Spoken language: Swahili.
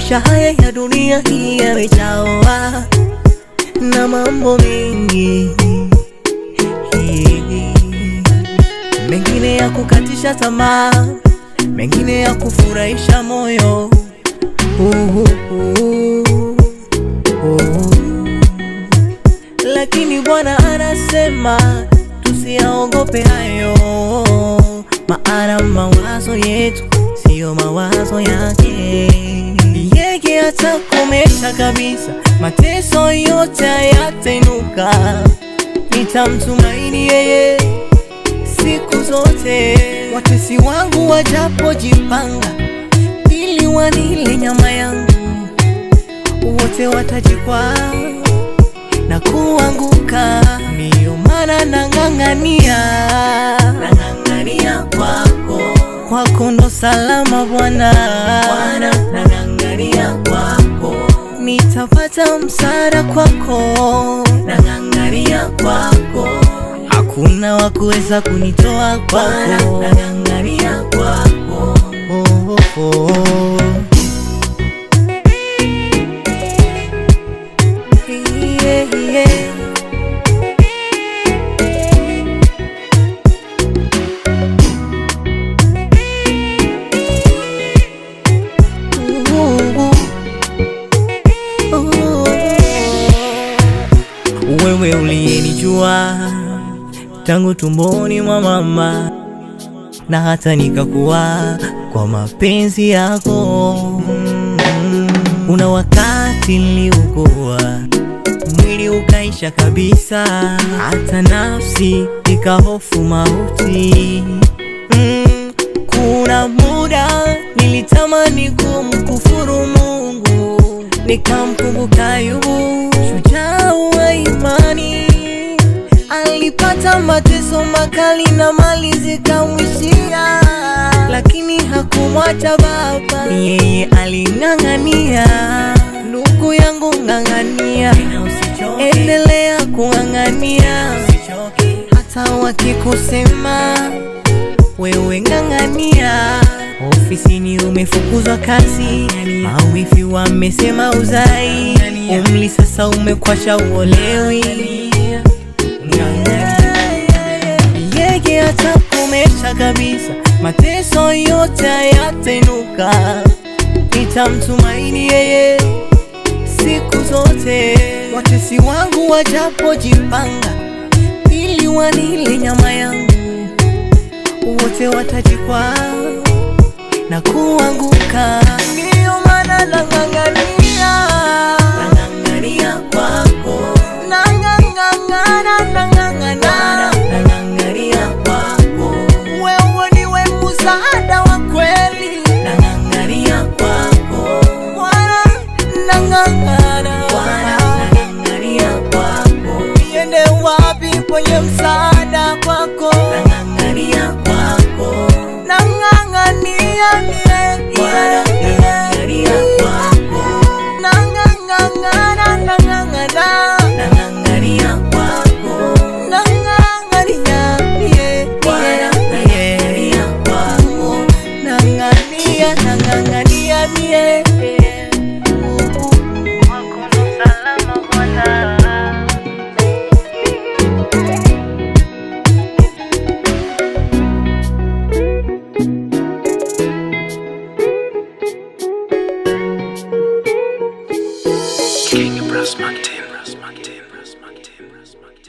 maisha haya ya dunia hii yamejawa na mambo mengi, mengine ya kukatisha tamaa, mengine ya kufurahisha moyo. Uhuhu, uhuhu. Lakini Bwana anasema tusiyaogope hayo, maana mawazo yetu siyo mawazo yake kumesha kabisa, mateso yote yatainuka. Nitamtumaini yeye siku zote. Watesi wangu wajapojipanga ili wanile nyama yangu, wote watajikwaa na kuanguka. Ndiyo maana nang'ang'ania, nang'ang'ania kwako, kwako ndo salama Bwana. Nitapata msaada kwako, nang'ang'ania kwako, hakuna wa kuweza kunitoa kwako, nang'ang'ania kwako, oh, oh, oh. wewe uliyenijua tangu tumboni mwa mama, na hata nikakuwa kwa mapenzi yako. Kuna wakati niliugua mwili ukaisha kabisa, hata nafsi ikahofu mauti. Mm, kuna muda nilitamani kumkufuru Mungu, nikamkumbuka Ayubu zamani alipata mateso makali na mali zikamwishia, lakini hakumwacha baba, yeye aling'ang'ania. Ndugu yangu, ng'ang'ania, endelea kung'ang'ania, hata wakikusema wewe ng'ang'ania. Ofisini umefukuzwa kazi, mawifi wamesema uzai umli sasa umekwasha uolewi yege atakomesha kabisa, mateso yote yatenuka, nitamtumaini yeye siku zote. Watesi wangu wajapojipanga ili wanile nyama yangu, wote watajikwaa na kuanguka, ndiyo maana nang'ang'ania nang'ang'ania mie